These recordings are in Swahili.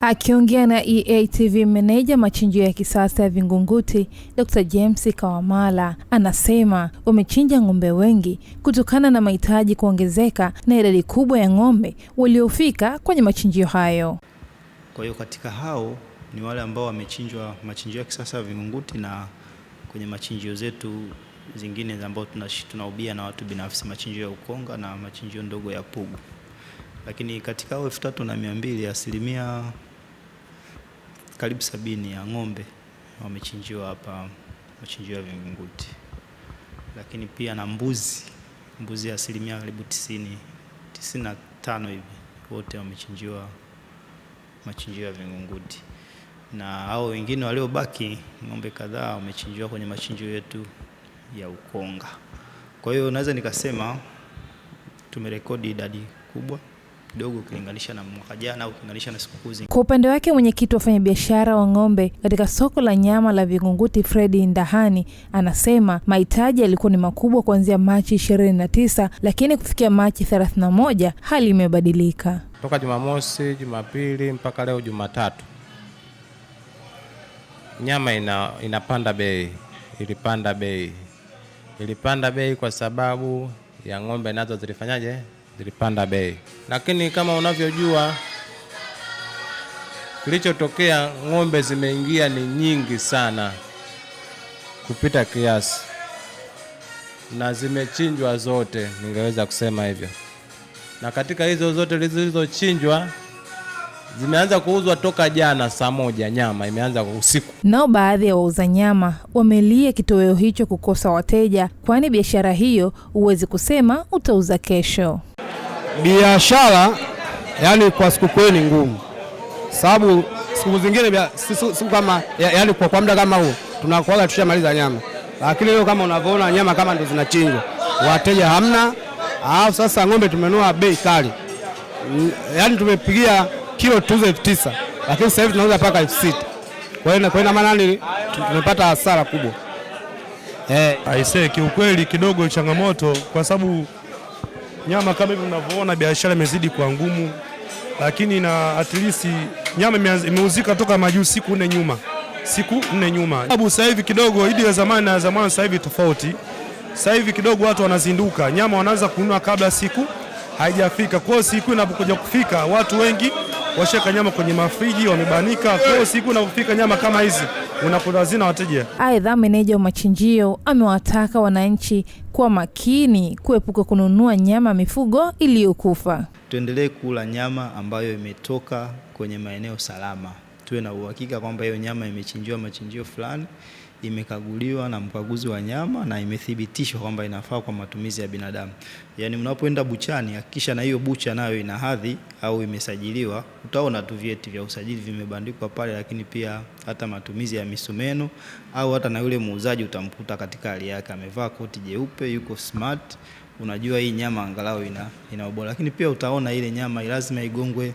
Akiongea na EATV, meneja machinjio ya kisasa ya Vingunguti Dr. James Kawamala anasema wamechinja ng'ombe wengi kutokana na mahitaji kuongezeka na idadi kubwa ya ng'ombe waliofika kwenye machinjio hayo. Kwa hiyo katika hao ni wale ambao wamechinjwa machinjio ya kisasa ya Vingunguti na kwenye machinjio zetu zingine ambao tunaubia na watu binafsi, machinjio ya Ukonga na machinjio ndogo ya Pugu. Lakini katika au elfu tatu na mia mbili asilimia karibu sabini ya ng'ombe wamechinjiwa hapa, wamechinjiwa Vingunguti, lakini pia na mbuzi, mbuzi asilimia karibu tisini tisini na tano hivi wote wamechinjiwa machinjio ya Vingunguti, na hao wengine waliobaki ng'ombe kadhaa wamechinjiwa kwenye machinjio yetu ya Ukonga. Kwa hiyo naweza nikasema tumerekodi idadi kubwa kidogo ukilinganisha na mwaka jana au ukilinganisha na siku zingine. Kwa upande wake, mwenyekiti wa wafanyabiashara wa ng'ombe katika soko la nyama la Vingunguti, Fredi Ndahani, anasema mahitaji yalikuwa ni makubwa kuanzia Machi 29 lakini kufikia Machi 31 hali imebadilika toka Jumamosi, Jumapili mpaka leo Jumatatu, nyama ina, inapanda bei, ilipanda bei, ilipanda bei kwa sababu ya ng'ombe nazo zilifanyaje zilipanda bei, lakini kama unavyojua kilichotokea, ng'ombe zimeingia ni nyingi sana kupita kiasi na zimechinjwa zote, ningeweza kusema hivyo. Na katika hizo zote zilizochinjwa zimeanza kuuzwa toka jana saa moja, nyama imeanza usiku. Nao baadhi ya wauza nyama wamelia kitoweo hicho kukosa wateja, kwani biashara hiyo huwezi kusema utauza kesho biashara yani kwa sikukuu ni ngumu, sababu siku zingine siku kama yani kwa, kwa muda kama huo tunakuaga tushamaliza nyama, lakini leo kama unavyoona nyama kama ndo zinachinjwa, wateja hamna. Alafu sasa ng'ombe tumenua bei kali, yani tumepigia kilo tuuze elfu tisa lakini sasa hivi tunauza mpaka elfu sita kwa hiyo ina maana nini? Tumepata hasara kubwa eh. Aisee, kiukweli kidogo changamoto kwa sababu nyama kama hivi mnavyoona, biashara imezidi kuwa ngumu, lakini na at least nyama imeuzika toka majuu siku nne nyuma, siku nne nyuma. Sababu sasa hivi kidogo idi ya zamani na zamani sasa hivi tofauti. Sasa hivi kidogo watu wanazinduka, nyama wanaanza kununua kabla siku haijafika. Kwa hiyo siku inapokuja kufika, watu wengi washeka nyama kwenye mafriji, wamebanika. Kwa hiyo siku unapofika nyama kama hizi unakuta hazina wateja. Aidha, meneja wa machinjio amewataka wananchi kuwa makini kuepuka kununua nyama mifugo iliyokufa. Tuendelee kula nyama ambayo imetoka kwenye maeneo salama, tuwe na uhakika kwamba hiyo nyama imechinjiwa machinjio fulani imekaguliwa na mkaguzi wa nyama na imethibitishwa kwamba inafaa kwa matumizi ya binadamu. Yaani unapoenda buchani hakikisha na hiyo bucha nayo ina hadhi au imesajiliwa. Utaona tu vyeti vya usajili vimebandikwa pale, lakini pia hata matumizi ya misumeno au hata na yule muuzaji utamkuta katika hali yake, amevaa koti jeupe, yuko smart, unajua hii nyama angalau ina, ina ubora. Lakini pia utaona ile nyama lazima igongwe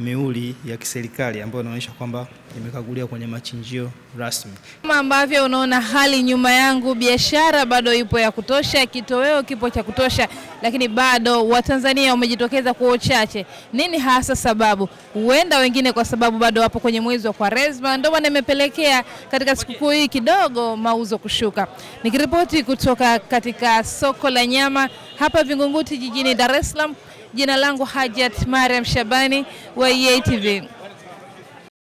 miuli ya kiserikali ambayo inaonyesha kwamba imekaguliwa kwenye machinjio rasmi. Kama ambavyo unaona hali nyuma yangu, biashara bado ipo ya kutosha, kitoweo kipo cha kutosha, lakini bado Watanzania wamejitokeza kwa uchache. Nini hasa sababu? Huenda wengine kwa sababu bado wapo kwenye mwezi wa Kwaresma, ndio maana imepelekea katika sikukuu hii kidogo mauzo kushuka. Nikiripoti kutoka katika soko la nyama hapa Vingunguti jijini Dar es Salaam. Jina langu Hajat Mariam Shabani wa EATV.